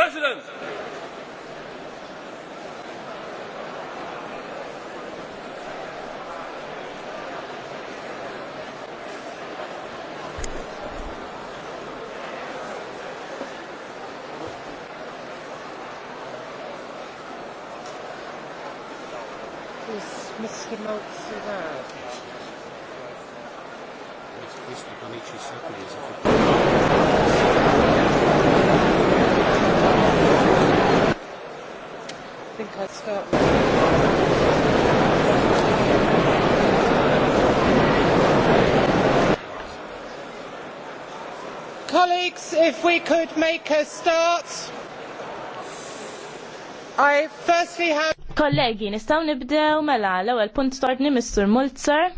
President! colleagues, if we could make a start. I firstly have... Kollegi, nistaw nibdew mela l-ewwel punt tordni Mr. Mulzer.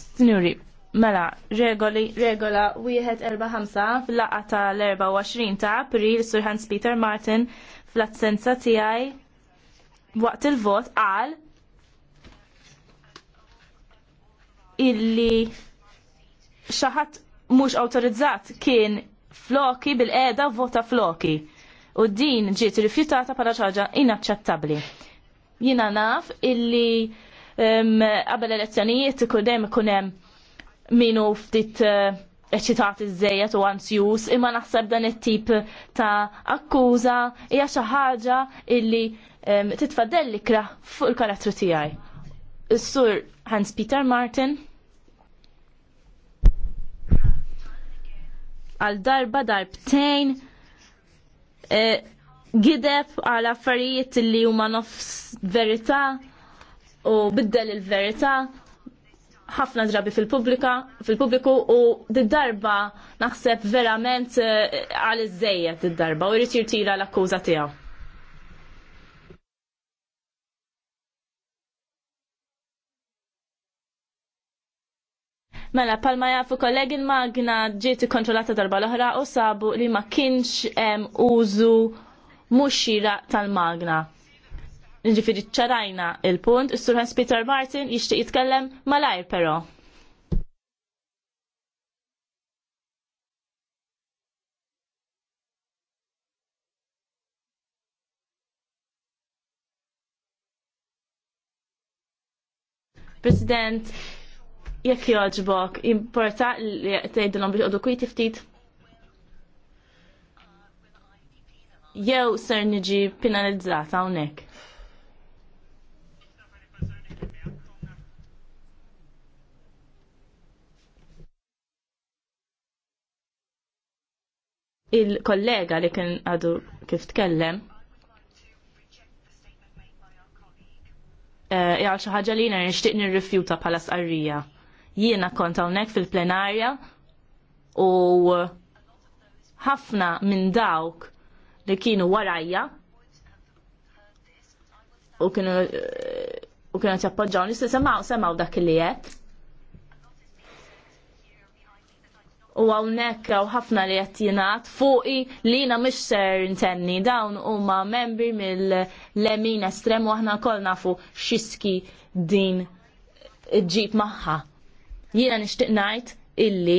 Signori, mela regoli regola wieħed ħamsa fil-laqa tal-24 ta' April Sir Hans Peter Martin fl assenza tiegħi waqt il-vot qal illi xaħat mhux awtorizzat kien floki bil eda vota floki. U din ġiet rifjutata bħala ħaġa inaċċettabbli. Jiena naf illi qabel elezzjonijiet ikun hemm ikun hemm minu ftit eċċitati eh, iż u ansjus imma naħseb dan it-tip ta' akkuża hija xi ħaġa illi titfadelli kraħ fuq il-karattru tiegħi. Is-sur Hans Peter Martin għal darba darbtejn e, gideb għal affarijiet li huma nofs verità u biddel il-verità ħafna drabi fil-pubblika, fil-pubbliku u d-darba naħseb verament e, għal iż-żejjed d-darba u jrid jirtira l-akkuża tiegħu. Mela, palma jafu kollegi magna ġieti kontrollata darba l-oħra u sabu li ma kienx użu muxira tal-magna. Ġifiri ċarajna il-punt, s sur Peter Martin jishtiq jitkellem malajr pero. President, jekk joġbok, importa li tgħidilhom biex qogħdu kwi ftit. Jew ser niġi penalizzata hawnhekk. il-kollega li kien għadu kif tkellem, eh, jgħal xaħġa li jina nishtiq nirrifjuta pala sqarrija. Jiena kont hawnhekk fil-plenarja u ħafna minn dawk li kienu warajja u kienu u kienu ċappoġġaw nistu semaw semaw dak li jett. U għawnek għaw ħafna li jettinat fuqi li jina mish ser intenni dawn u ma membri mill-lemin estrem u aħna kol nafu xiski din ġib maħħa Jiena nixtieq ngħid illi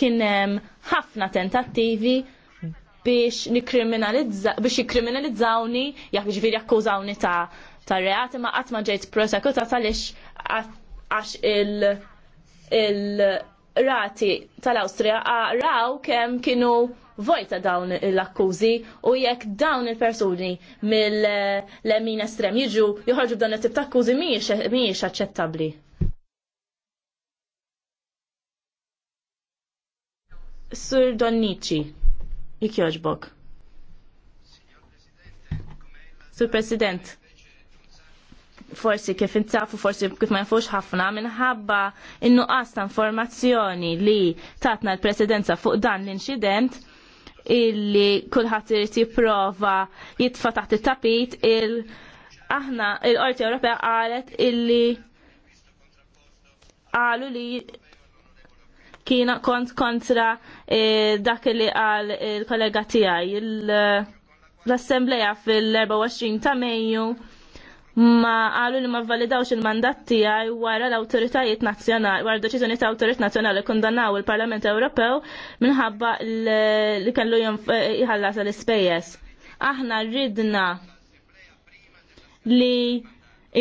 kien hemm ħafna tentattivi biex nikriminalizza biex jikkriminalizzawni jekk jiġifieri jakkużawni ta' ta' reati ma qatt ma ġejt prosekuta għaliex għax il il rati tal-Awstrija raw kemm kienu vojta dawn l-akkużi u jekk dawn il-persuni mill-lemin estrem jiġu joħorġu b'dan it-tip ta' akkużi mhijiex aċċettabbli. Sur Donnici, joġbok. Sur President, forsi kif intafu, forsi kif ma nfux ħafna, minħabba innu ta' informazzjoni li tatna l-presidenza fuq dan l-inċident, illi kullħat irid jipprova jitfa taħt it-tapit il aħna il-Qorti Ewropea qalet illi għalu li kiena kont kontra eh, dak li qal il-kollega tiegħi. Eh, l-assembleja fil-24 ta' Mejju ma qalu li ma validawx il-mandat tiegħi wara l-awtoritajiet nazzjonali, wara deċiżjoni ta' awtorit nazzjonali kondannaw il-Parlament Ewropew minħabba li kellu jħallas eh, l-ispejjeż. Aħna rridna li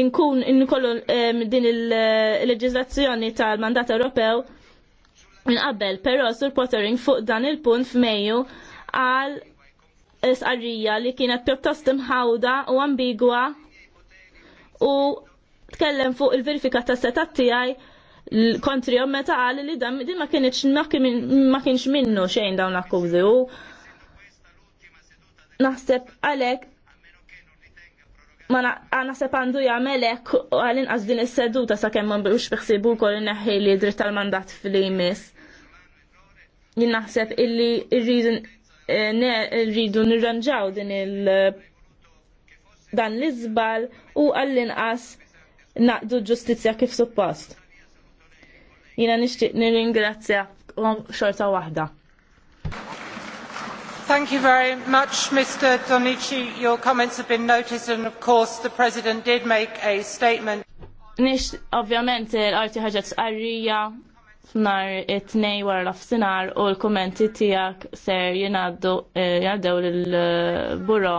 inkun inkollu din il leġizazzjoni tal-mandat Ewropew qabel, però sur Pottering fuq dan il-punt f'Mejju għal sqarrija li kienet pjuttost imħawda u ambigwa u tkellem fuq il-verifika ta' setat tiegħi kontri jom meta qal li dan din ma kienx ma kienx minnu xejn dawn l-akkużi u naħseb għalhekk ma għana sepandu u għalin għazdin din is-seduta sa' kemm man biex biħsibu kol neħi li dritt tal-mandat fil-imis. Jien naħseb illi eh, rridu nirranġaw din il- dan l-izbal u għall-inqas naqdu ġustizja kif suppost. Jina nishtiq nir-ingrazzja xorta wahda. Thank you very much, Mr. Donici. Your comments have been noticed and of course the President did make a statement. Nix, ovvjament, l-arti ħagġat arrija f'nar it-tnej wara l-afsinar u l-kommenti tijak ser jenaddu eh, jaddew l-buro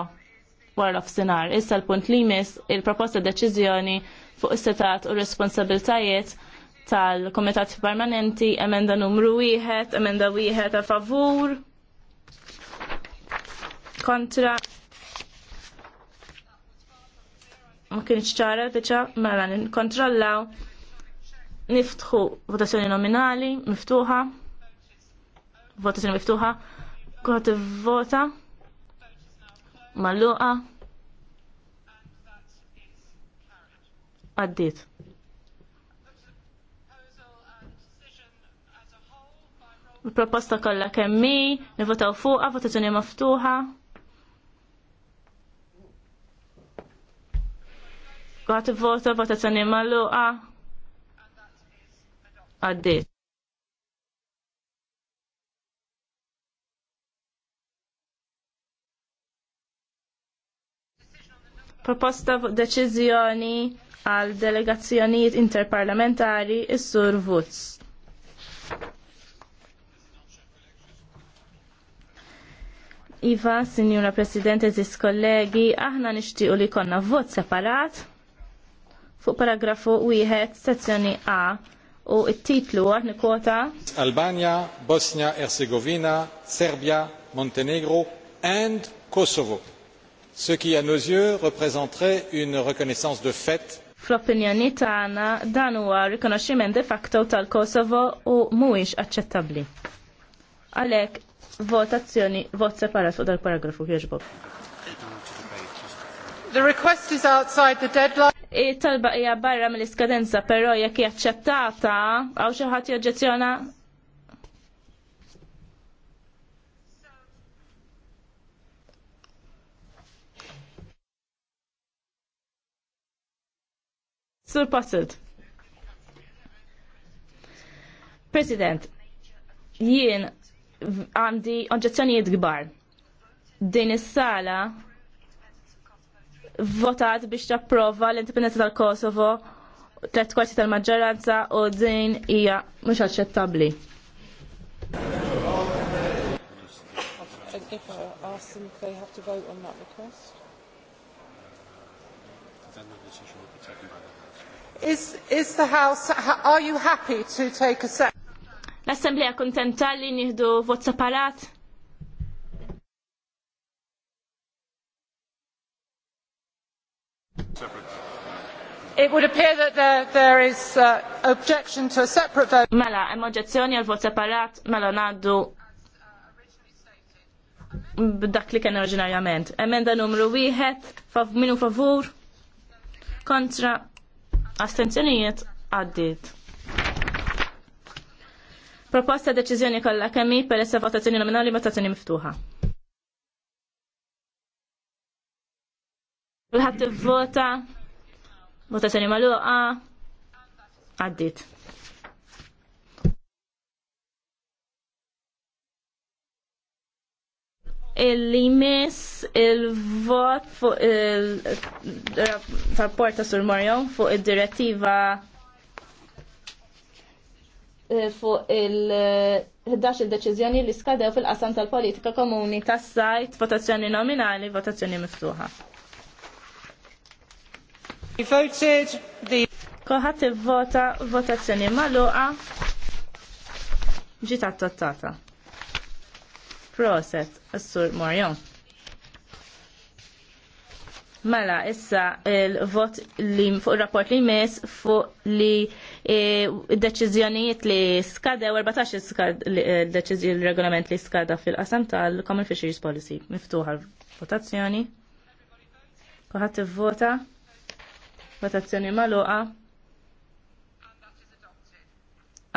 wara l-afsinar. Issa l-punt li mis il-proposta deċizjoni fuq istatat u responsabiltajiet tal-Komitat Permanenti emenda numru 1, emenda 1 a favur kontra ma kienx ċara diċa mela Nkontrollaw. niftħu votazzjoni nominali miftuħa votazzjoni miftuħa kot vota malluqa għaddiet. Il-proposta kollha kemm mi, nivotaw fuqha, votazzjoni maftuħa. Bat vota, votazzjoni a. Għaddit. Proposta deċiżjoni għal delegazzjonijiet interparlamentari is-sur Vuz. Iva, Sinjura Presidente, eżis kollegi, aħna nixtiequ li konna vot separat fuq paragrafu wieħed sezzjoni A u it-titlu għad nikota Albania, Bosnia, Erzegovina, Serbia, Montenegro and Kosovo. Ce qui à nos yeux représenterait une reconnaissance de fait Fl-opinjoni tagħna dan huwa rikonoxximent de facto tal-Kosovo u mhuwiex aċċettabbli. Għalhekk votazzjoni vot separat fuq dal-paragrafu jogħġbok. The request is outside the deadline talba hija barra mill-iskadenza, però jekk hija aċċettata għaw xi ħadd joġġezzjona Sur Passed. President, jien għandi oġġezzjonijiet kbar. Din is-sala votat biex tapprova l independenza tal-Kosovo tret kwarti tal-maġġoranza u din hija mhux aċċettabbli. Is, is the House, are you happy to take a second? L-Assemblea kontenta li nieħdu vot separat? It would appear that there, there is uh, objection to a separate vote. Mela, hemm oġġezzjoni għal vot separat, mela ngħaddu b'dak li kien oriġinarjament. Emenda numru wieħed, fav minu favur, kontra astenzjonijiet għaddiet. Proposta deċiżjoni kollha kemm per essa votazzjoni nominali votazzjoni miftuħa. Kulħadd vota Votazzjoni maluqa. Għaddit. Illi limis il-vot fuq il rapporta Sur Marjon fuq il-direttiva eh, fuq il-11 il-deċizjoni li skadew fil-qasam tal-politika komuni tas-sajt, votazzjoni nominali, votazzjoni miftuħa. Kolħat vota votazzjoni maluqa ġiet tottata Proset, Assur Morjon. Mela, issa il-vot li fuq il-rapport li mis fuq li e, deċizjonijiet li skada, 14 e, il-regolament li skada fil-qasam tal-Common Fisheries Policy. Miftuħa l-votazzjoni. Kuħat vota Votazzjoni maluqa.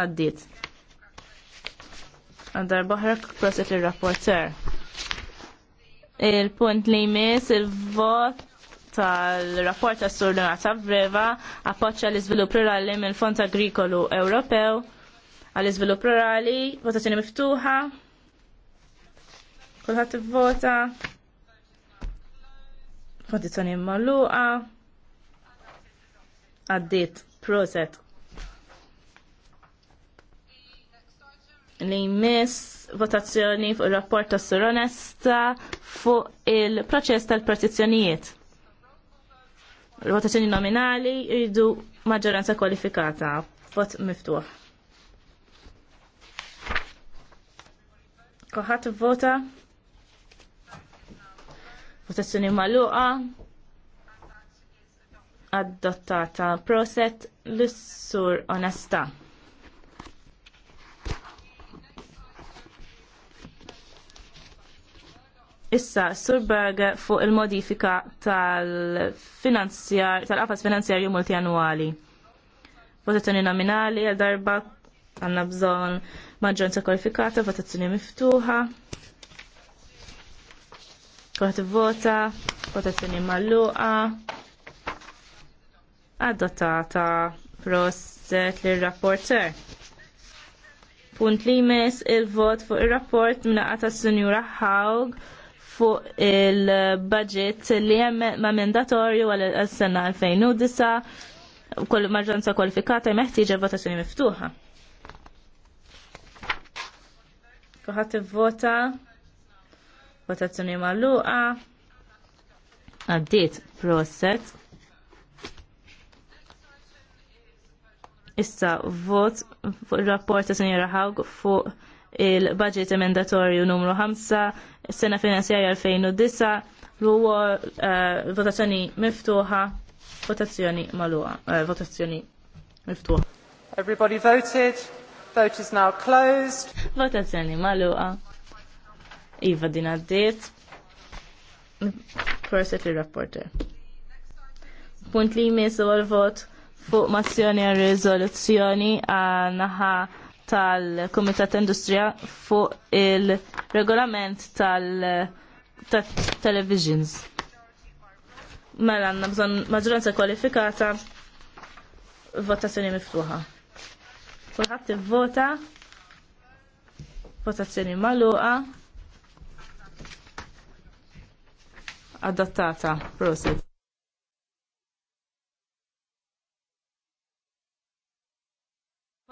Għaddiet. Għandar boħrak proset il-rapporter. Il-punt li jmiss il-vot tal-rapport ta' surduna ta' breva appoċċa l-iżvilupp rurali mill-Fond Agrikolu Ewropew għall-iżvilupp rurali, votazzjoni miftuħa. Kulħadd ivvota. Votazzjoni magħluqa għaddit proset li jmiss votazzjoni fuq il-rapport ta' Soronesta fuq il-proċess tal-partizzjonijiet. Il-votazzjoni nominali jridu maġġoranza kwalifikata. Vot miftuħ. Koħat vota. Votazzjoni maluqa adottata. Ad Proset l-sur onesta. Issa, Sur Berger fuq il-modifika tal-finanzjar, tal-qafas finanzjarju multianwali. Votazzjoni nominali għal darba għanna bżon maġġoranza kwalifikata, votazzjoni miftuħa. Kort vota, votazzjoni malluqa adottata prostet lir rapporter Punt li jmiss il-vot fuq ir rapport minnaqa s Sinjura Haug fuq il-budget li hemm ma' mandatorju għal sena 2009 kol marġanza kwalifikata meħtieġa votazzjoni miftuħa. Kuħat vota votazzjoni magħluqa għaddit proset Issa vot fuq il-rapport ta' Senjora Hawg fuq il-budget emendatorju numru 5, sena finanzjarja 2009, l-għu eh, votazzjoni miftuħa, votazzjoni maluħa, eh, votazzjoni miftuħa. Everybody voted. Vote is now closed. Votazzjoni maluqa. Iva din għaddit. Proset li rapporter. Punt li jmiss u għal-vot fuq mozzjoni għal rizoluzzjoni naħa tal-Komitat Industrija fuq il-regolament tal-televisions. Mela għanna bżon maġġoranza kwalifikata votazzjoni miftuħa. Kulħadd ivvota votazzjoni magħluqa adottata. Proset.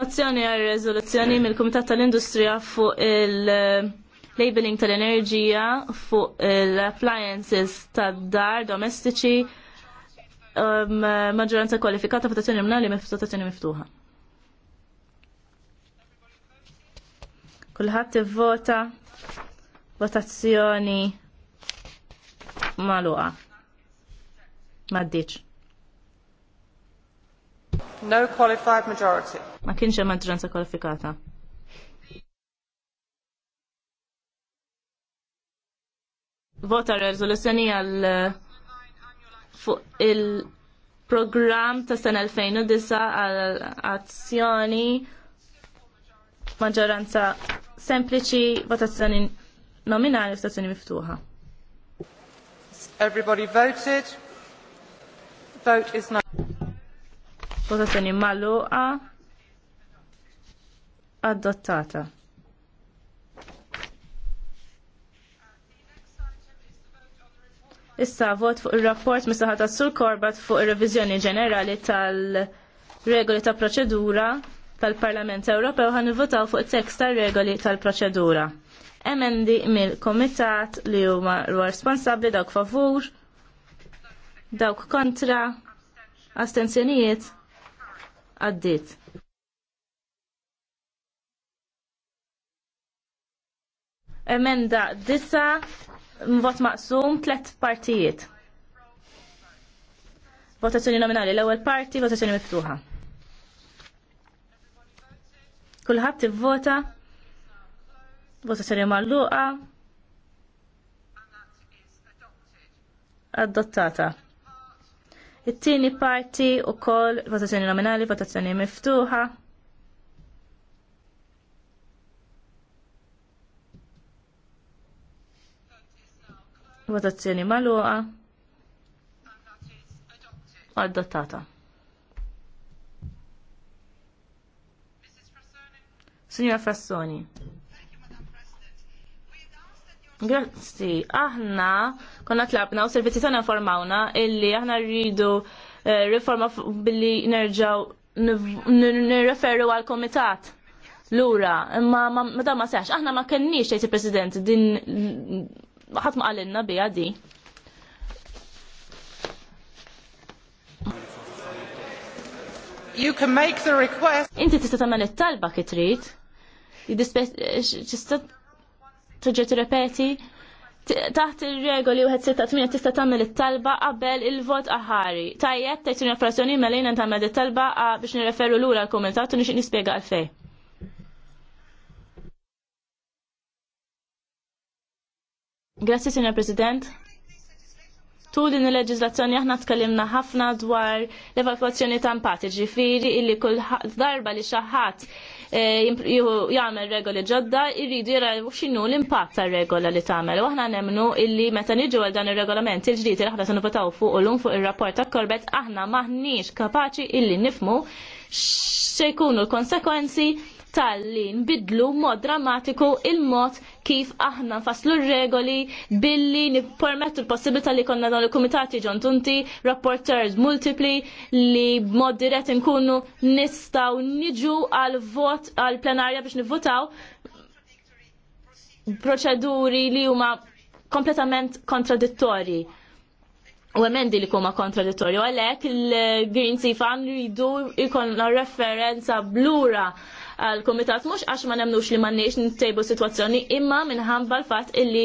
Mozzjoni għal rezoluzzjoni mill-Kumitat tal-Industrija fuq il-labeling tal-enerġija fuq l-appliances tad-dar domestiċi um, maġġoranza kwalifikata votazzjoni mnali mif votazzjoni miftuħa. Kulħadd ivvota votazzjoni magħluqa. M'għaddiċ. No qualified majority. Ma kienx hemm maġġoranza kwalifikata. Vota rezoluzzjoni għal eh, fuq il-programm ta' sena 2009 għal azzjoni maġġoranza sempliċi votazzjoni nominali votazzjoni miftuħa. Everybody voted. Vote is not votazzjoni magħluqa adottata. Issa vot fuq il-rapport mis saħata ta' Sur Korbat fuq ir-reviżjoni ġenerali tal-regoli ta' proċedura tal-Parlament Ewropew ħan votaw fuq it-tekst tar-regoli tal-proċedura. Emendi mill-Komitat li huma responsabbli dawk favur, dawk kontra, astenzjonijiet għaddit. Emenda disa vot maqsum tlet partijiet. Votazzjoni nominali l-ewwel parti, votazzjoni miftuħa. Kulħadd ivvota. Votazzjoni magħluqa. Adottata it-tieni parti u koll votazzjoni nominali, votazzjoni miftuħa. Votazzjoni maluqa. Adottata. Signora Frassoni. Grazzi, aħna konna tlabna u servizzi tana informawna illi aħna rridu eh, riforma billi nerġgħu nirreferu għal komitat. Lura, imma ma ma seħx, aħna ma kenniex tgħid president din ħadd ma qalilna biha di. You can make the request. Inti tista' tagħmel it-talba kif trid. Eh, terġa' tirrepeti taħt ir-regoli wieħed sitta tmien tista' tagħmel it-talba qabel il-vot aħari. Tajjeb tajt unifrazzjoni lejna mela tagħmel it-talba biex nirreferu lura l-kumitat u nispiega nispjega għalfejn. Grazzi, Signor President. Tu din il-leġizlazzjoni aħna tkellimna ħafna dwar l evakuazzjoni ta' ġifiri illi kull darba li xi ħadd Eh, jagħmel regoli ġodda, irridu jara x'inhu l-impatt tar-regola li tagħmel. U aħna nemmnu illi meta niġu għal dan ir-regolament il ġdijt li ħafna se nivvotaw fuq illum fuq ir-rapport ta' Korbet aħna maħniex kapaċi illi nifmu se jkunu l-konsekwenzi tal-li nbidlu mod drammatiku il-mod kif aħna nfasslu regoli billi nippermettu l-possibilità li konna dawn il kumitati ġontunti, rapporters multipli li mod dirett nkunu nistaw niġu għal-vot għal-plenarja biex nivvotaw proċeduri li huma kompletament kontradittorji u emendi li kuma kontradittorju għalek il-Green Sea Fan rridu ikon referenza blura għal-komitat mux għax ma nemnux li mannix nittejbu situazzjoni imma minnħan l-fat illi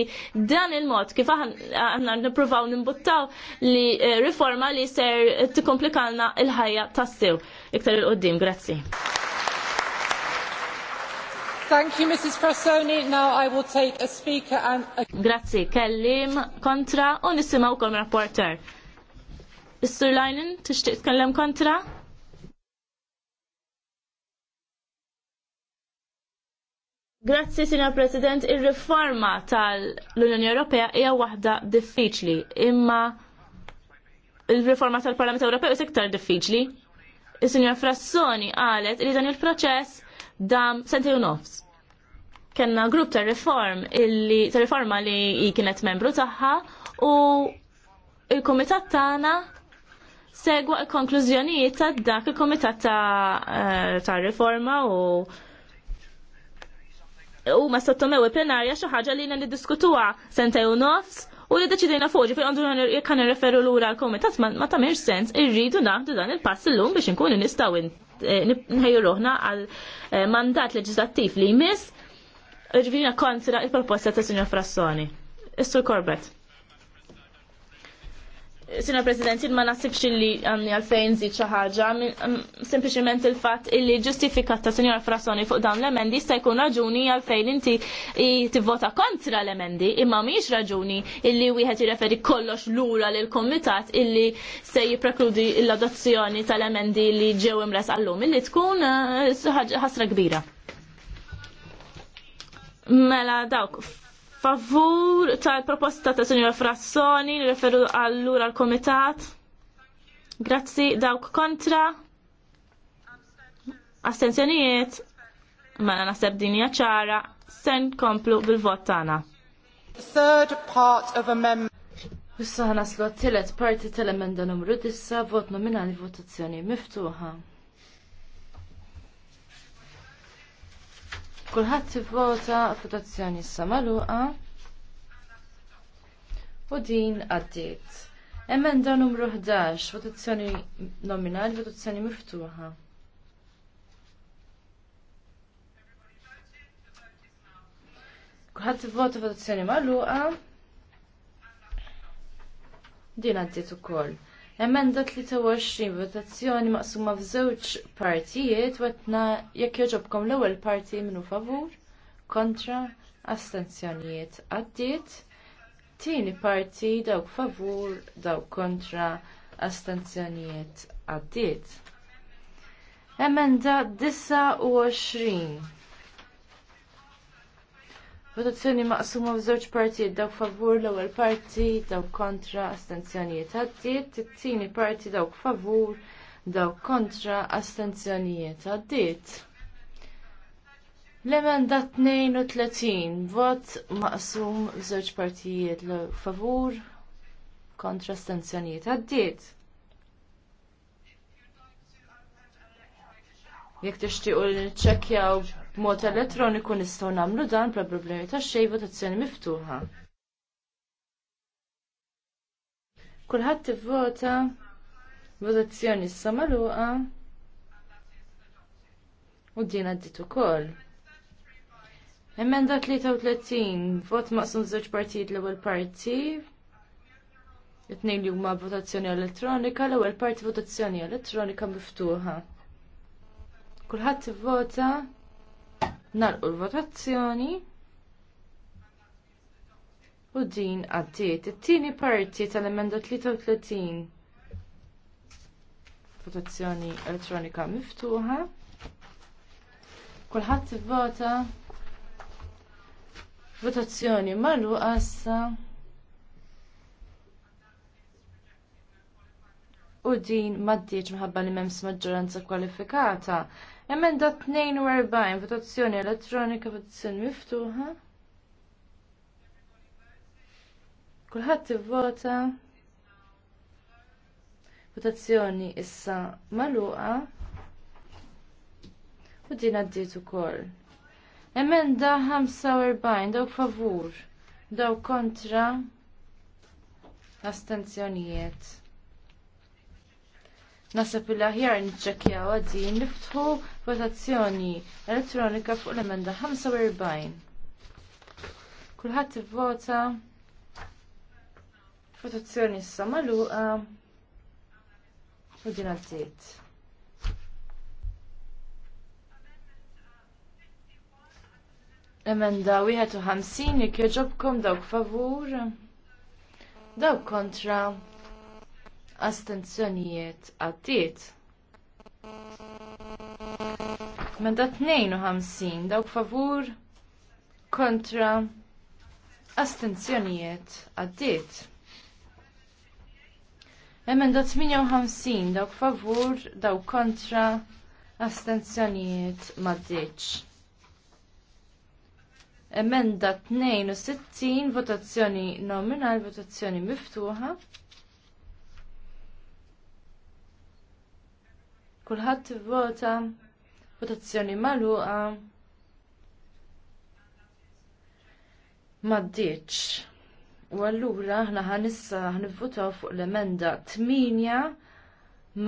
dan il-mod kif aħna nipruvaw nimbuttaw li eh, riforma li ser t-komplikalna il-ħajja tassew. Iktar il-qoddim, grazzi. Thank you, Mrs. Frassoni. Now I will take a speaker and... A... Grazie, kellim kontra u nisimaw kom rapporter. Mr. Leinen, tixtieq tkellem kontra? Grazzi, Signor President, il-riforma tal-Unjoni Ewropea hija waħda diffiċli, imma il-riforma tal-Parlament Ewropew is iktar diffiċli. is sinjor Frassoni qalet li dan il-proċess dam senti u nofs. Kenna grupp ta' riform illi ta' riforma li kienet membru tagħha u il-Kumitat tagħna segwa l konklużjonijiet ta' dak il-Kumitat ta', eh, ta riforma u u ma sottomew il-plenarja xi ħaġa li niddiskutuha sentej u nofs u li deċidejna foġi ġifier għandu kan irreferu lura l-komitat ma tagħmilx sens irridu naħdu dan il-pass illum biex inkunu nistgħu e, nħejju roħna għal e, mandat leġislattiv li jmiss ġvina kontra il-proposta ta' Sinjor Frassoni. Istur Corbett. Sina President, ma nasibx li għanni għalfejn zi ċaħġa, mm, sempliciment il-fat illi ġustifikat ta' Sinjora Frasoni fuq dawn l-emendi sta' jkun raġuni għalfejn inti tivvota kontra l-emendi, imma miex raġuni illi wieħed jirreferi kollox lura l-komitat illi se jiprekludi l-adozzjoni tal-emendi li ġew imres għallum, illi tkun eh, ħasra kbira. Mela dawk, favur tal-proposta ta' Sinjora Frassoni, referu għallura l-Komitat. Grazzi dawk kontra. Astenzjonijiet. Ma mela naħseb din hija ċara. Sen komplu bil-vot tagħna. Third part of amendment. Issa ħanaslu għat-tielet parti tal-emenda numru 9, vot nominali votazzjoni miftuħa. Kulħadd tivvota votazzjoni s magħluqa. U din għaddiet. Emenda numru 11, votazzjoni nominali, votazzjoni miftuħa. Kulħadd f votazzjoni magħluqa. Din għaddiet ukoll. Emenda 23 votazzjoni maqsuma f'żewġ partijiet wetna jekk joġobkom l-ewwel parti minnu favur, kontra, astenzjonijiet għaddiet. Tieni parti dawk favur, dawk kontra, astenzjonijiet għaddiet. Emenda 29 Votazzjoni maqsuma b'żewġ partijiet dawk favur l-ewwel parti dawk kontra astenzjonijiet għaddiet, it-tieni parti dawk favur dawk kontra astenzjonijiet għaddiet. L-emenda 32 vot maqsum b'żewġ partijiet l favur kontra astenzjonijiet għaddiet. Jekk tixtiequ li niċċekkjaw b'mod elettroniku nistgħu nagħmlu dan bla problemi ta' xejn votazzjoni miftuħa. Kulħadd ivvota votazzjoni issa magħluqa u din għaddit ukoll. Emenda 33, vot maqsum żewġ partijiet l-ewwel parti, it-tnejn li huma votazzjoni elettronika, l-ewwel parti votazzjoni elettronika miftuħa. Kulħadd ivvota Nalqu l-votazzjoni. U din għaddiet. It-tieni parti tal-emenda 33. Votazzjoni elettronika miftuħa. Kulħadd ivvota. Votazzjoni magħluqa issa. U din maddiċ minħabba li m'hemmx maġġoranza kwalifikata. Emenda 42, votazzjoni elettronika, votazzjoni miftuħa. Kulħadd ivvota. Votazzjoni issa magħluqa. U din għaddiet ukoll. Emenda 45, daw favur, daw kontra, astenzjonijiet. Nasab il-aħjar nċekja għadin niftħu votazzjoni elettronika fuq l-emenda 45. Kulħadd ivvota votazzjoni issa magħluqa u din għaddiet. Emenda 51 jekk jogħġobkom dawk favur, dawk kontra astenzjonijiet għaddiet. Menda 52 dawk favur kontra astenzjonijiet għaddiet. Emenda 58 dawk favur, dawk kontra, astenzjonijiet maddiċ. Emenda 62 votazzjoni nominal, votazzjoni miftuħa. Kulħadd vota votazzjoni magħluqa m'għaddiċ. U allura aħna ħan issa ħnivvutaw fuq l-emenda 8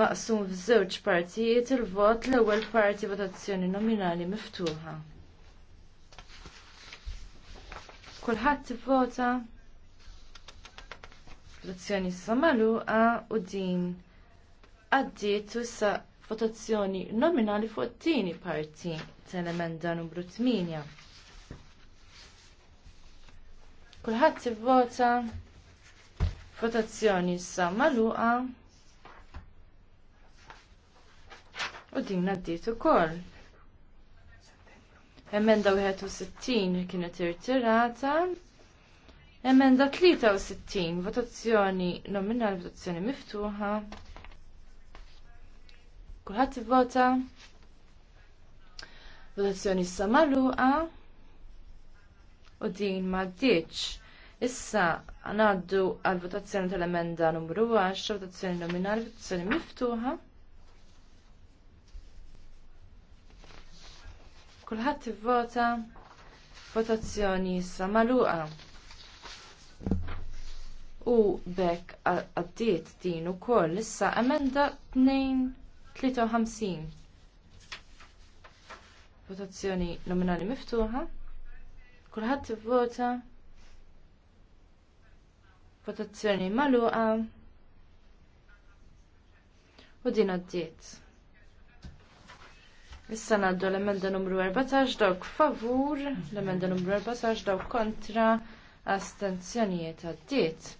maqsum f'żewġ partijiet il-vot l-ewwel parti votazzjoni nominali miftuħa. Kulħadd ivvota votazzjoni issa magħluqa u din għaddiet u issa votazzjoni nominali fuq tieni parti tal-emenda numru 8. Kulħadd ivvota votazzjoni issa magħluqa u din ngħaddiet ukoll. Emenda 61 kienet irtirata. Emenda 63 votazzjoni nominali votazzjoni miftuħa. Kulħadd ivvota. Votazzjoni issa magħluqa u din ma Issa għanaddu għal votazzjoni tal-emenda numru 10, votazzjoni nominali, votazzjoni miftuħa. Kulħadd ivvota votazzjoni issa magħluqa. U bekk għaddiet din ukoll issa emenda 2 53. Votazzjoni nominali miftuħa. Kulħadd ivvota. Votazzjoni magħluqa. U din għaddiet. Issa ngħaddu l-emenda numru 14 dawk favur, l-emenda numru 14 dawk kontra astenzjonijiet għaddiet.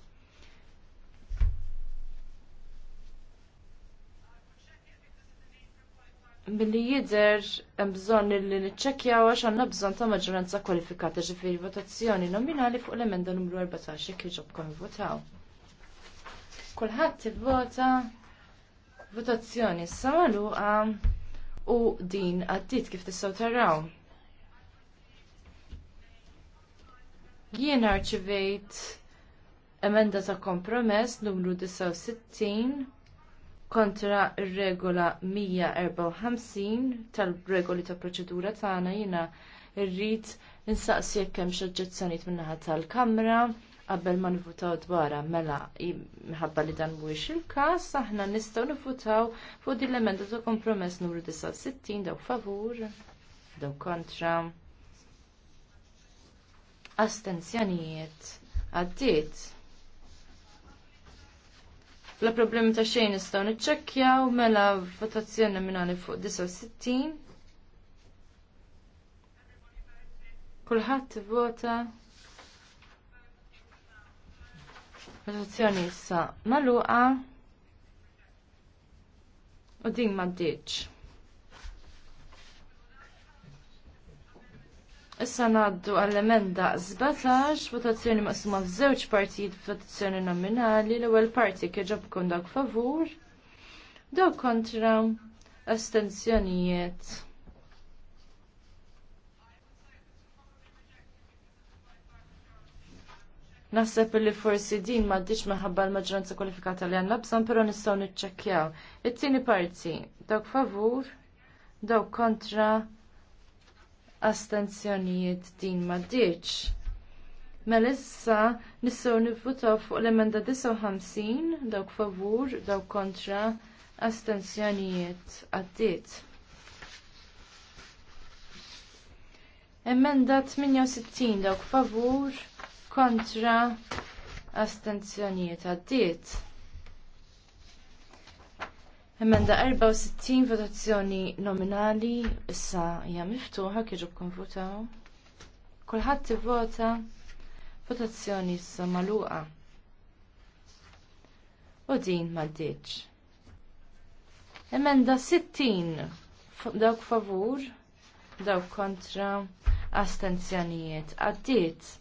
billi jidher hemm bżonn li niċċekkjaw għax għandna bżonn ta' maġġoranza kwalifikata ġifieri votazzjoni nominali fuq l-emenda numru 14 jekk jiġobkom votaw. Kulħadd ivvota votazzjoni issa magħluqa u din għaddit kif tistgħu taraw. Jien arċivejt emenda ta' kompromess numru 69 kontra r-regola 154 tal-regoli ta' proċedura tagħna jiena rrid nsaqsi jekk hemm oġġezzjonijiet min-naħa tal-Kamra qabel ma nivutaw dwarha mela minħabba li dan mhuwiex il-każ aħna nistgħu nivutaw fuq din l-emenda ta' kompromess numru 69 daw favur, daw kontra. Astenzjonijiet għaddiet. La problemi ta' xejn nistgħu niċċekkjaw mela votazzjoni nominali fuq 69. Kulħadd ivvota. Votazzjoni issa magħluqa. U din ma ddiċ. Issa naddu għall-emenda 17, votazzjoni maqsuma f'żewġ partijiet votazzjoni nominali, l-ewwel parti kieġob kun dak favur, daw kontra astenzjonijiet. Naħseb li forsi din m'għaddix minħabba l-maġġoranza kwalifikata li għandna bżonn però nistgħu niċċekkjaw. It-tieni parti dawk favur, dawk kontra astenzjonijiet din ma ditx. Mela issa nistgħu nivvutaw fuq l-emenda 59 dawk favur, dawk kontra astenzjonijiet għaddiet. Emenda 68 dawk favur kontra astenzjonijiet għaddiet. Emenda 64 votazzjoni nominali issa hija miftuħa kieġu konvutaw. Kulħadd ivvota votazzjoni issa magħluqa. U din m'għaddietx. Emenda 60 dawk favur, dawk kontra astenzjonijiet. Għaddiet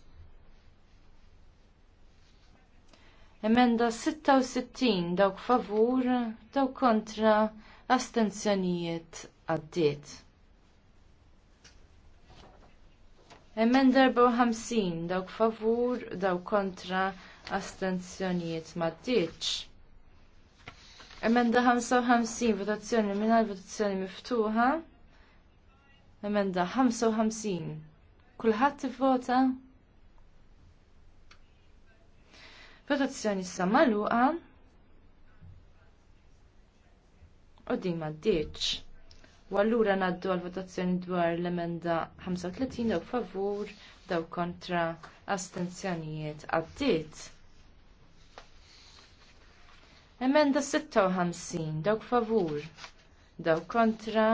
Emenda 66 dawk favur, dawk kontra, astenzjonijiet għaddiet. Emenda 54 dawk favur, dawk kontra, astenzjonijiet maddiċ. Emenda 55 votazzjoni minna votazzjoni miftuħa. Emenda 55. Kulħadd ivvota? Votazzjoni sa magħluqa. U din ma ddiċ. U allura naddu għal votazzjoni dwar l-emenda 35 daw favur, daw kontra astenzjonijiet għaddiet. Emenda 56 dawk favur, daw kontra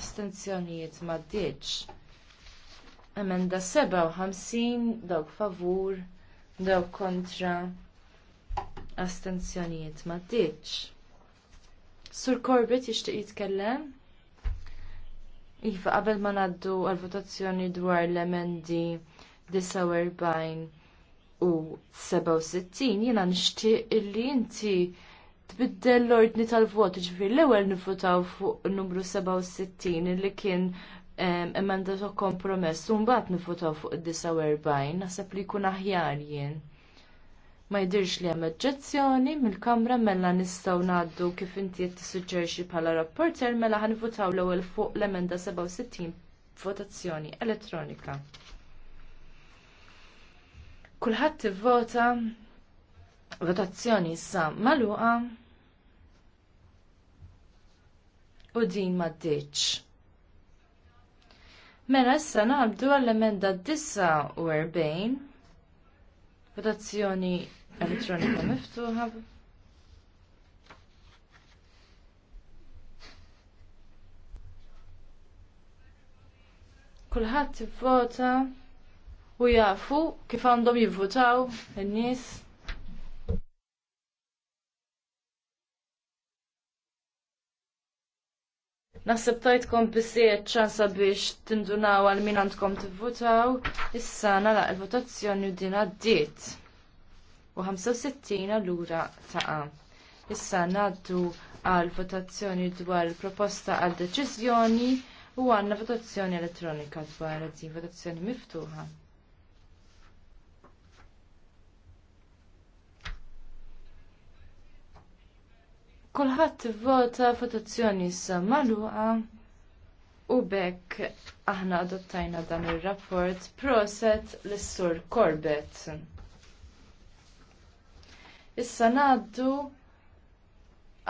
astenzjonijiet ma ddiċ. Emenda 57 dawk favur, daw kontra astenzjonijiet ma ditx. Sur Corbett jixtieq jitkellem? Iva, qabel ma naddu għal-votazzjoni dwar l-emendi 49 u 67, jena nixtieq illi inti tbiddel l-ordni tal-vot, ġifir l ewwel nifutaw fuq numru 67 illi kien emenda ta' kompromess, u mbagħad nifuta fuq id-49, naħseb li jkun aħjar jien. Ma jidhirx li hemm oġġezzjoni mill-Kamra Mella nistgħu ngħaddu kif inti qed tissuġġerixxi bħala rapporter mela ħanifutaw l-ewwel fuq l-emenda 67 votazzjoni elettronika. Kulħadd vota votazzjoni issa magħluqa u din ma ditx. Mela issa naqbdu għall-emenda 49. Votazzjoni elettronika miftuħa. Kulħadd ivvota u jafu kif għandhom jivvotaw in-nies. Naħseb tajtkom bisiet ċansa biex tindunaw għal min għandkom tivvutaw, issa nalaq il-votazzjoni din għaddiet. U 65 allura taqa. Issa naddu għal votazzjoni dwar proposta għal deċiżjoni u għanna votazzjoni elettronika dwar għaddi votazzjoni miftuħa. Kulħadd vota votazzjoni issa magħluqa u bekk aħna adottajna dan ir-rapport proset l-Sur Corbett. Issa ngħaddu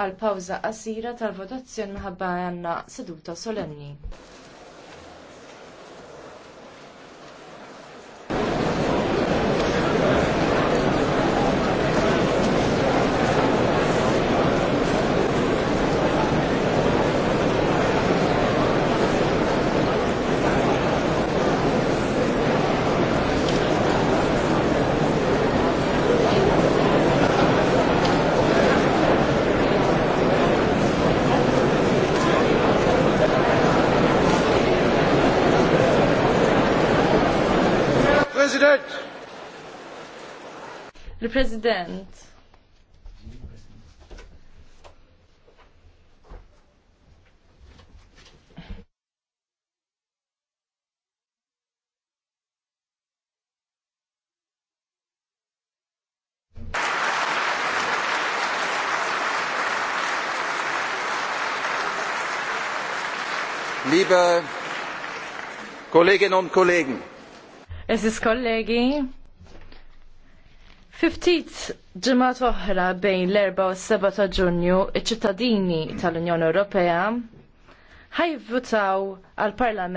għal pawża qasira tal-votazzjoni ħabba għandna seduta solenni. President. Il-President. Liebe Kolleginnen und Kollegen, Eżis kollegi, fiftit ġemat oħra bejn l-4 u s-7 ta' ġunju, iċ-ċittadini tal-Unjoni Ewropea ħajvutaw għal-Parlament